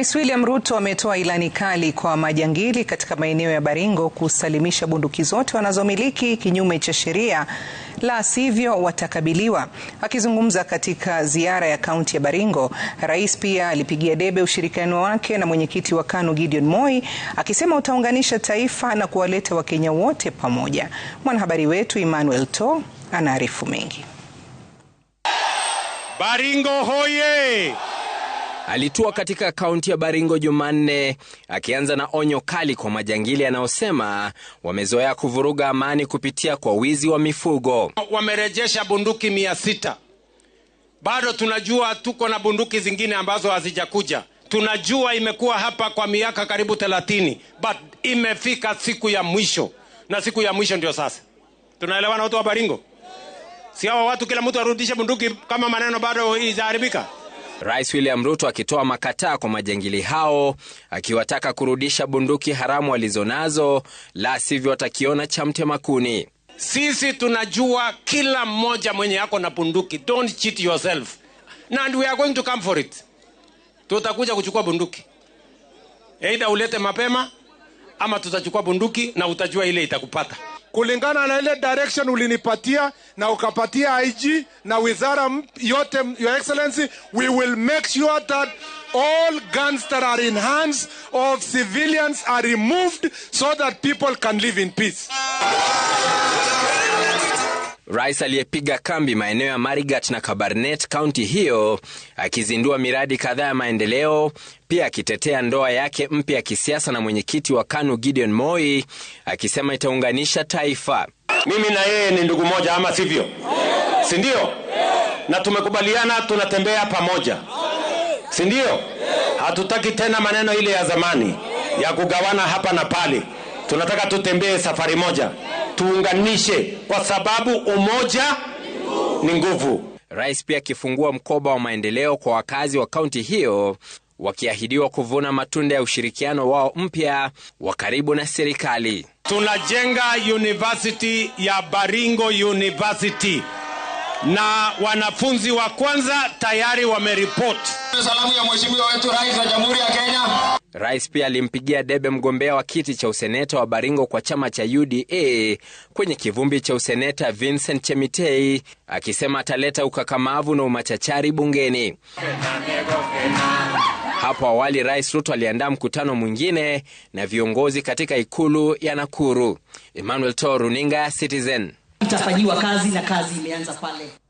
Rais William Ruto ametoa ilani kali kwa majangili katika maeneo ya Baringo kusalimisha bunduki zote wanazomiliki kinyume cha sheria, la sivyo watakabiliwa. Akizungumza katika ziara ya kaunti ya Baringo, rais pia alipigia debe ushirikiano wake na mwenyekiti wa KANU Gideon Moi, akisema utaunganisha taifa na kuwaleta Wakenya wote pamoja. Mwanahabari wetu Emmanuel To anaarifu mengi. Baringo hoye! alitua katika kaunti ya Baringo Jumanne, akianza na onyo kali kwa majangili yanayosema wamezoea kuvuruga amani kupitia kwa wizi wa mifugo. Wamerejesha bunduki mia sita. Bado tunajua tuko na bunduki zingine ambazo hazijakuja. Tunajua imekuwa hapa kwa miaka karibu thelathini, but imefika siku ya mwisho, na siku ya mwisho ndio sasa. Tunaelewana watu wa Baringo? Si hawa watu, kila mtu arudishe bunduki, kama maneno bado izaharibika. Rais William Ruto akitoa makataa kwa majangili hao, akiwataka kurudisha bunduki haramu walizonazo, la sivyo watakiona cha mtema kuni. Sisi tunajua kila mmoja mwenye yako na bunduki, don't cheat yourself and we are going to come for it. Tutakuja kuchukua bunduki, aidha ulete mapema ama tutachukua bunduki na utajua ile itakupata kulingana na ile direction ulinipatia na ukapatia IG na wizara yote, your excellency, we will make sure that all guns that are in hands of civilians are removed so that people can live in peace. Rais aliyepiga kambi maeneo ya Marigat na Kabarnet kaunti hiyo akizindua miradi kadhaa ya maendeleo, pia akitetea ndoa yake mpya ya kisiasa na mwenyekiti wa KANU Gideon Moi akisema itaunganisha taifa mimi na yeye ni ndugu moja ama sivyo si ndio na tumekubaliana tunatembea pamoja si ndio hatutaki tena maneno ile ya zamani ya kugawana hapa na pale tunataka tutembee safari moja tuunganishe kwa sababu umoja ni nguvu rais pia akifungua mkoba wa maendeleo kwa wakazi wa kaunti hiyo wakiahidiwa kuvuna matunda ya ushirikiano wao mpya wa karibu na serikali. Tunajenga university ya Baringo University na wanafunzi wa kwanza tayari wameripoti. Salamu ya mheshimiwa wetu rais wa jamhuri ya Kenya. Rais pia alimpigia debe mgombea wa kiti cha useneta wa Baringo kwa chama cha UDA kwenye kivumbi cha useneta Vincent Chemitei, akisema ataleta ukakamavu na umachachari bungeni. Hapo awali Rais Ruto aliandaa mkutano mwingine na viongozi katika ikulu ya Nakuru. Emmanuel to runinga Citizen. Itafanyiwa kazi na kazi imeanza pale.